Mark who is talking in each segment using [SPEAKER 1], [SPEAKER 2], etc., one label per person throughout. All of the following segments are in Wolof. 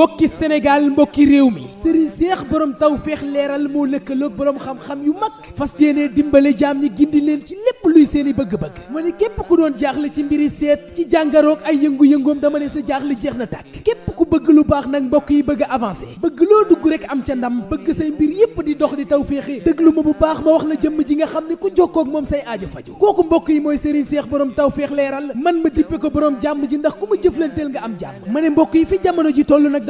[SPEAKER 1] mbokki Sénégal mbokki réew mi Serigne Seex borom tawféex leeral moo lëkkaloog borom xam-xam yu mag fas yéene dimbale jaam ñi gindi leen ci lépp luy seeni bëgg-bëgg ma ne képp ku doon jaaxle ci mbiri seet ci jàngaroog ay yëngu-yëngoom dama ne sa jaaxle jeex na tàkk képp ku bëgg lu baax nag mbokk yi bëgg a bëgg loo dugg rek am ca ndam bëgg say mbir yépp di dox di tawféexe déglu ma bu baax ma wax la jëmm ji nga xam ne ku jokkoo ak moom say aajo faju kooku mbokk yi mooy Serigne Seex borom tawféex leeral man ma dippe ko borom jàmm ji ndax ku ma jëflanteel nga am jàmm ma ne mbokk yi fi jamono ji toll nag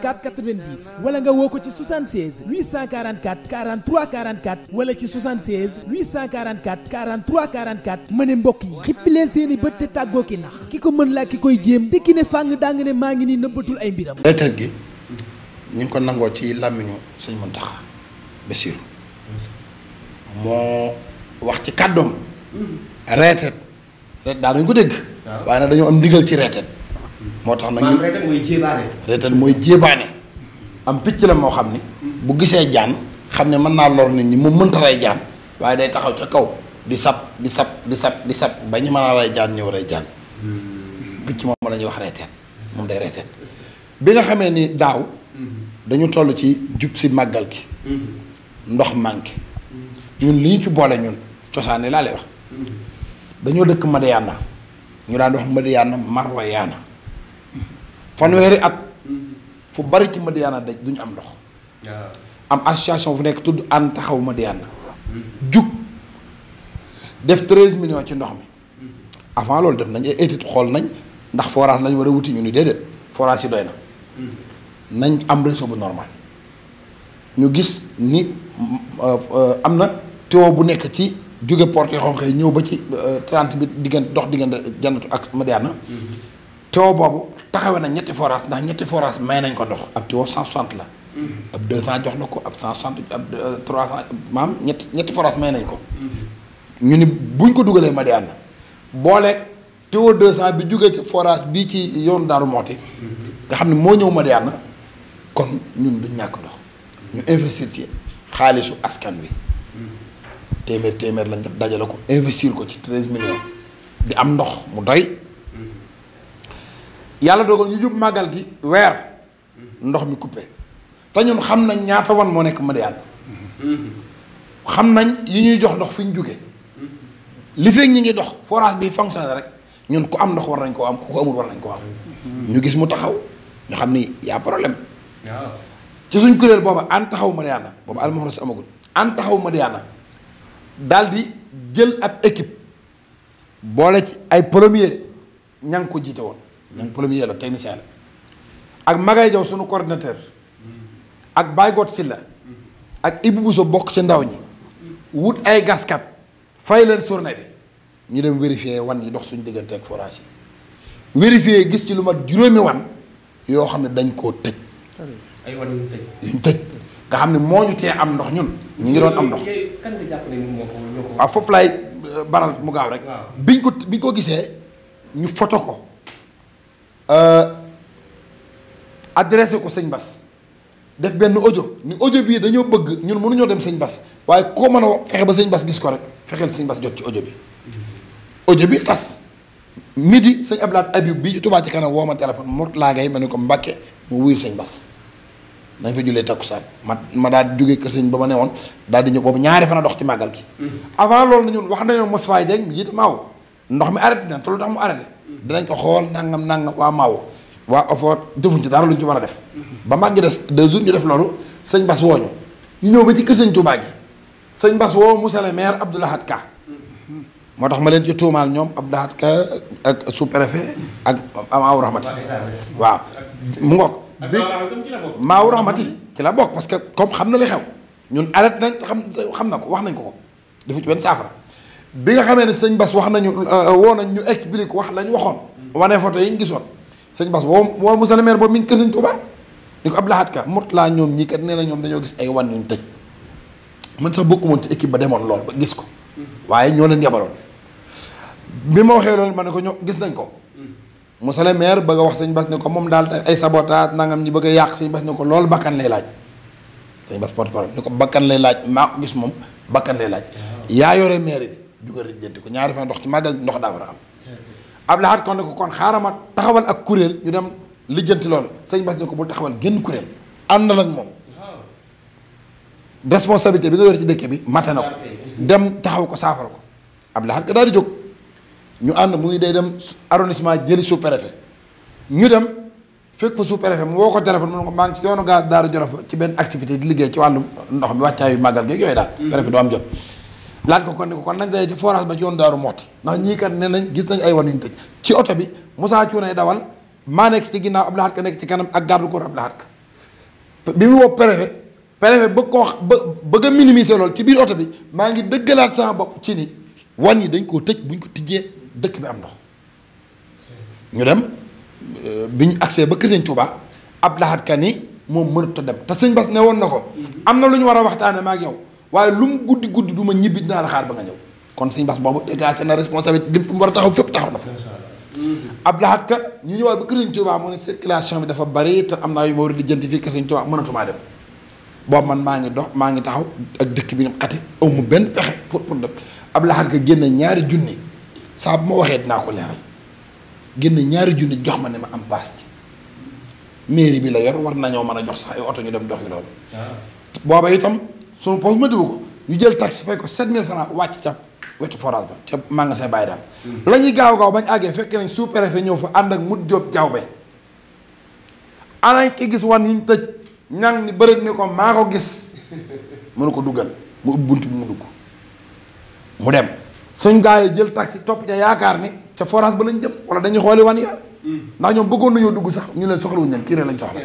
[SPEAKER 1] 844 90 wala nga woo ko ci 76 844 43 44 wala ci 76 844 43 44 ma ne mbokk yi xippi leen seeni bët te tàggoo ki nax ki ko mën laa ki koy jéem te ki ne fàng daa nga ne maa ngi nii nëbbatul ay mbiram.
[SPEAKER 2] retraite gi ñu ngi ko nangoo ci làmmiñu sëñ Mountakha Bassirou moo wax ci kàddoom retraite hmm. retraite daa nañ ko dégg waaye nag dañoo am ndigal ci retraite moo tax nag ñu reetal mooy jéebaane. mooy jéebaane am picc la moo xam ni. bu gisee jaan xam ne mën naa lor nit ñi mu mënta rey jaan waaye day taxaw ca kaw di sab di sab di sab di sab ba ñu mën a rey jaan ñëw rey jaan hmm. picc moom la ñuy wax reeteet moom day reeteet bi nga xamee ni daaw hmm. dañu toll ci jub si màggal gi
[SPEAKER 1] hmm.
[SPEAKER 2] ndox manqué ñun li ñu ci boole ñun cosaan yi laa lay wax dañoo dëkk Madiyaana ñu daan wax Madiyaana Marwayaana fanweeri at fu bari ci Madiyana daj duñu am ndox am association fu nekk tudd ànd taxaw Madiyana
[SPEAKER 1] mm-hmm.
[SPEAKER 2] jug def treize million ci ndox mi
[SPEAKER 1] mm-hmm.
[SPEAKER 2] avant loolu def nañ ay xool nañ ndax forage lañu war a wuti ñu ni déedéet forage yi doy na
[SPEAKER 1] mm-hmm.
[SPEAKER 2] nañ am réseau bu normal ñu gis ni euh, am na tuyau bu nekk ci jóge porte xonq yi ñëw ba ci euh, trente bi diggante dox diggante jannatu ak Madiyana tuyau boobu taxawe na ñetti forage ndax ñetti forage may nañ ko dox ab tuyau 160 la mm-hmm. ab 200 jox na ko ab 160 ab 300 euh, maam ñetti ñetti forage may nañ ko
[SPEAKER 1] mm-hmm.
[SPEAKER 2] ñu ni buñ ko dugalee Madiyana booleeg tuyau 200 bi jógee ci forage bii ci yoon Daaru Mooti mm-hmm. nga xam ne moo ñëw Madiyana kon ñun du ñàkk ndox ñu investir ci xaalisu askan wi téeméer téeméer lañ def dajale ko investir ko ci 13 millions di am ndox mu doy yàlla dogal ñu jub màggal gi weer ndox mi coupé te ñun xam nañ ñaata wan moo nekk Madiyana xam nañ yi ñuy jox ndox fi ñu jóge li feeg ñi ngi dox forage bi fonctionné rek ñun ko am ndox war nañ koo am ku ko amul war nañ koo am ñu gis mu taxaw ñu xam ni y a problème ci suñ kuréel booba an taxaw ma Madiyana booba almaxro si amagul an taxaw ma Madiyana daal di jël ab équipe boole ci ay premier ña ngi ko jiite woon ñoom premier la technicien la ak Magaye Diaw sunu coordinateur ak Baye Got la ak Ibou Bousso bokk ci ndaw ñi wut ay gaskat fay leen journée bi ñu dem vérifier wan yi dox suñu diggante ak forage yi vérifier gis ci lu ma juróomi wan yoo xam ne dañ koo tëj. ay wan tëj nga xam ne moo ñu tee am ndox ñun ñu ngi doon am ndox waaw foofu laay euh, baral mu gaaw rek biñ ko biñ ko gisee ñu foto ko Euh, adressé ko sëñ Bas def benn audio ni audio bii dañoo bëgg ñun mënuñoo dem sëñ Bas waaye koo mën a fexe ba sëñ Bas gis ko rek fexeel sëñ Bas jot ci audio bi audio bi xas midi sëñ Abdoulaye Habib bi Touba ci kanam woo ma téléphone Mor laa ngay ma ne ko Mbàkke mu wuyul sëñ Bas dañ fa jullee takkusaan ma ma daal di jógee kër sëñ ba ma ne woon daal di ñëw boobu ñaari fan a dox ci màggal gi. Mm-hmm. avant loolu na ñun wax nañoo Moussa Faye Dieng yi maaw ndox mi arrêté na te lu mu arrêté. dinañ ko xool nangam nangam waa maaw waa Ofor defuñ ci dara luñ ci war a def. ba màgg des de jours ñu def loolu sëñ Bas woo ñu ñëw ba ci kër sëñ Touba gi sëñ Bas woo monsieur le maire Abdou Lahad Ka moo tax ma leen ci tuumaal ñoom Abdou Lahad Ka ak sous ak Maawu Rahmati waaw mu ngoog bi Maawu Rahmati ci la bokk parce que comme xam na li xew ñun arrêté nañ xam xam na ko wax nañ ko ko defu ci benn saafara bi nga xamee ne sañ Bas wax nañu euh, woo nañ ñu explique wax lañ waxoon. wanee photo yi ñu gisoon. sëñ Bas woo woo monsieur le maire boobu mi ngi kër sëñ Touba ni ko Ka mot laa ñoom ñii kat nee na ñoom dañoo gis ay wan yuñ tëj man sax bokku moon ci équipe ba demoon lool gis ko. waaye ñoo leen yabaloon. bi ma waxee loolu ma ne ko ñoo gis nañ ko. monsieur le maire bëgg a wax sëñ Bas ne ko moom daal ay sabotage nangam ñi bëgg a yàq sëñ Bas ne ko lool bakkan lay laaj. sëñ Bas porte parole ni ko bakkan lay laaj maa ko gis moom bakkan lay laaj. Ah. yaa yore maire bi. jugal jënti ko ñaari fa ndox ci màggal ndox daa war a am ab laxaat kon ne ko kon xaaral ma taxawal ak kuréel ñu dem lijjanti loolu sëñ Bass ne ko bul taxawal génn kuréel ànd na ak moom responsabilité bi nga yor ci dëkk bi mate na ko dem taxaw ko saafara ko ab laxaat ga daal di jóg ñu ànd muy day dem arrondissement jëli sous préfet ñu dem fekk fa sous maa ngi ci yoonu gaa daaru Jolof ci benn activité di liggéey ci wàllu ndox mi wàccaayu màggal geeg yooyu daal mm. préfet du am jot laaj ko kon ne ko kon nañ daje ci forage ba ci yoon daaru mooti ndax ñii kat ne nañ gis nañ ay wan yu ñu tëj ci oto bi Moussa ay dawal maa nekk ci ginnaaw ab Lahad Ka nekk ci kanam ak garde corps Abdou Lahad Ka bi ba bëgg a minimiser lool ci biir oto bi maa ngi dëggalaat sama bopp ci ni wan yi dañ koo tëj buñ ko tijjee dëkk bi am ndox ñu dem euh, bi ñu agsee ba kër Sëñ Tuuba Abdou Lahad Ka ni moom mënut a dem te sëñ Bas ne woon na ko am na lu ñu war a waxtaane maa ak yow waaye lu mu guddi guddi du ma ñibbi dinaa la xaar ba nga ñëw kon sëñ Bass boobu dégagé na responsabilité lim fu mu war a taxaw fépp taxaw na fa ab laxat ka ñu ñëwaat ba kër sëñ Tuubaa mu ne circulation bi dafa bari te am naa yu ma war a lijjanti fii kër sëñ Tuubaa mënatumaa dem boobu man maa ngi dox maa ngi taxaw ak dëkk bi ni xati amu benn pexe pour pour dem ab laxat ka génne ñaari saa bu ma waxee dinaa ko leeral génne ñaari junni jox ma ne ma am paas ci mairie bi la yor war nañoo mën a jox sax ay oto ñu dem dox yi loolu ah. booba itam su poos matiwu ko ñu jël taxi fay ko 7000 francs wàcc ca wetu forage ba ca magasin Baye Dame hmm. la ñuy gaaw gaaw bañ àggee fekk nañ sous-préfet ñëw fa ànd ak mut jóob jawbe anañ ki gis wan yi ñu tëj ñang ni bëri ni ko maa ko gis mënu ko duggal mu ëpp bunt bi mu dugg mu dem suñ gaa yi jël taxi topp ca yaakaar ni ca forage ba lañ jëm wala dañuy xooli wan ya hmm. ndax ñoom bëggoon nañoo dugg sax ñu leen soxlawuñ leen kii lañ soxla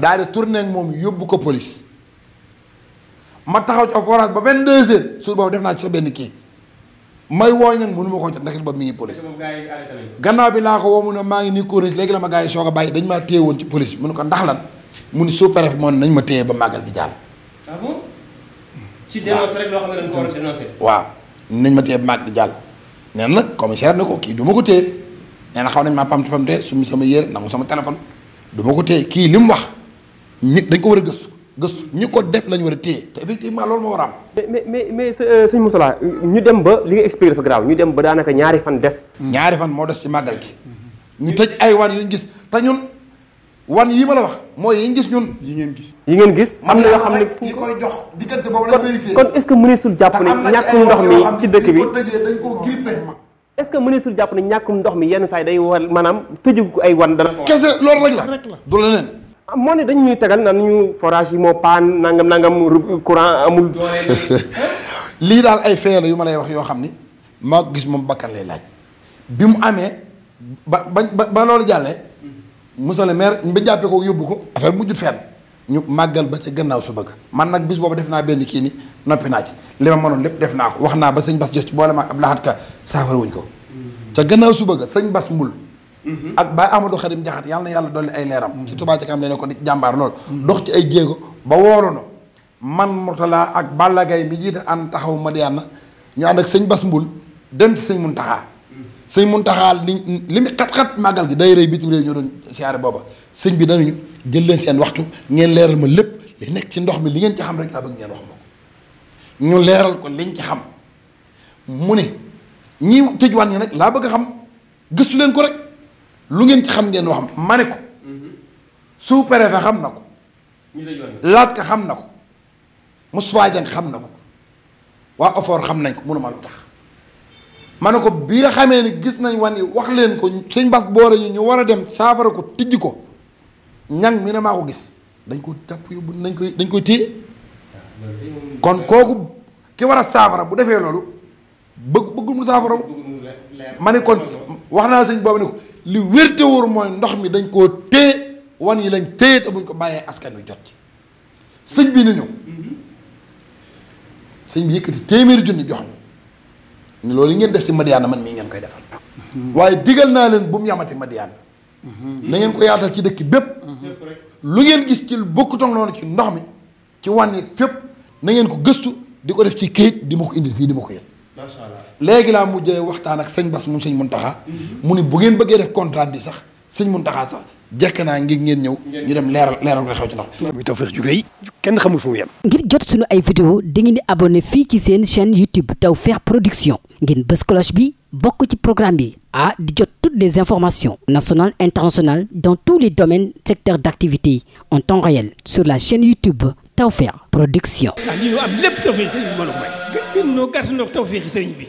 [SPEAKER 2] daal di tourné ak moom yóbbu ko police ma taxaw ci forage ba vingt deux heures suur boobu def naa sa benn kii may woo ñan mënu ma ko jot ndax boobu mi ngi police gannaaw bi laa ko woo mu ne maa ngi nii kuréel léegi la ma gars yi soog a bàyyi dañ maa ko ndax lan mu ne sous préfet moo ne nañ ma téye ba màggal di jàll ah ci dénoncé waaw nañ ma téye ba màgg di jàll nee na nag commissaire ne ko kii du ma ko téye nee na xaw nañ maa pamte pamte su mu sama yére nangu sama téléphone du ma ko téye kii li mu wax nit dañ ko war a gës gëstu ñi ko def lañu war a téye te effectivement loolu moo war a am. mais mais mais euh, sëñ ñu dem ba li nga expliqué dafa garaaw ñu dem ba daanaka ñaari fan des. ñaari fan moo des ci màggal gi. ñu tëj ay wan yu ñu gis te ñun wan yii ma la wax mooy yi ñu gis ñun. yi ngeen gis am na yoo xam ne ñi jox diggante boobu la vérifié
[SPEAKER 1] kon est-ce que mëneesul jàpp ne ñàkkum ndox mi ci dëkk bi est-ce jàpp ne ñàkk ndox mi yenn saa yi day war maanaam
[SPEAKER 2] tëju ay wan dana. kese loolu rek la du leneen Ah, moo ne dañ ñuy tegal nan ñu forage yi moo paan nangam nangam courant amul. lii daal ay fee la yu ma lay wax yoo xam ni ma gis moom bakkan lay laaj bi mu amee ba ba loolu jàllee monsieur le maire ba jàppee ko yóbbu ko affaire mujjut fenn ñu màggal ba ca gannaaw su bëgg man nag bis boobu def naa benn kii ni noppi naa ci li ma mënoon lépp def naa ko wax naa ba sëñ Bas jox ci boole ma ab Abdou Lahad Ka saafara wuñ ko mm-hmm. ca gannaaw su bëgg sëñ Bas mbul Mm-hmm. ak Baye Amadou Xadim Jaxat yàlla na yàlla dolli ay leeram mm-hmm. ci Touba Ca Kanam la ne ko di jàmbaar lool dox ci ay jéego ba woolu na man Mourtala ak Balla Gaye mi jiite ànd taxaw Madiyana ñu ànd ak sëñ Bas Mbul dem sëñ Muntaxaa mm-hmm. sëñ Muntaxaa li li mu xat-xat màggal gi day rey bitim réew ñu doon siyaare booba sëñ bi danañu jël leen seen waxtu ngeen leeral ma lépp li nekk ci ndox mi li ngeen ci xam rek laa bëgg ngeen wax ma ko ñu leeral ko liñ ci xam mu ne ñi tëjwaan ñi nag laa bëgg a xam gëstu leen ko lu ngeen ci xam ngeen wax ma ne ko sous-préfet xam na ko laat ka xam na ko Moustapha Dieng xam na ko waa Ofor xam nañ ko mënuma lu tax ma ne ko bii nga xamee ni gis nañ wan yi wax leen ko sëñ Bass boore ñu ñu war a dem saafara ko tijji ko ñang mi ne maa ko gis dañ ko jàpp yóbbu nañ koy dañ koy téye kon kooku ki war a saafara bu defee loolu bëgg bëggul mu saafara ma ne kon wax naa sëñ boobu ne ko li wér te wóor mooy ndox mi dañ koo téye wan yi lañ téye te buñ ko bàyyee askan wi jot ci sëñ bi na ñëw sëñ bi yëkkati téeméeri junni jox ñu loolu yi ngeen def ci Madiyaana man mii ngeen koy defal waaye digal naa leen bu mu yamati Madiyaana na ngeen ko yaatal ci dëkk bépp lu ngeen gis ci lu bokkutoon noonu ci ndox mi ci wànni fépp na ngeen ko gëstu di ko def ci kayit di ma ko indi fii di ma ko yët macha allah léegi laa mujjee waxtaan ak sëñ Bas moom mun Muntaxa mhm. mu ni bu ngeen bëggee def contrat di sax sëñ Muntaxa sax jekk naa ngir ngeen ñëw ñu dem leeral leeral ko xew ci ndox muy Tawfekh ju rëy kenn xamul fu mu yem
[SPEAKER 1] ngir jot suñu ay vidéo di ngeen di abonné fii ci seen chaîne YouTube Tawfekh Production ngeen bës cloche bi bokk ci programme bi ah di jot toutes des informations national internationales dans tous les domaines secteurs d'activité en temps réel sur la chaîne YouTube Tawfekh Production. ah lii am lépp tawfeer ci sëriñ bi mën a may. gën noo tawfeer ci sëriñ bi.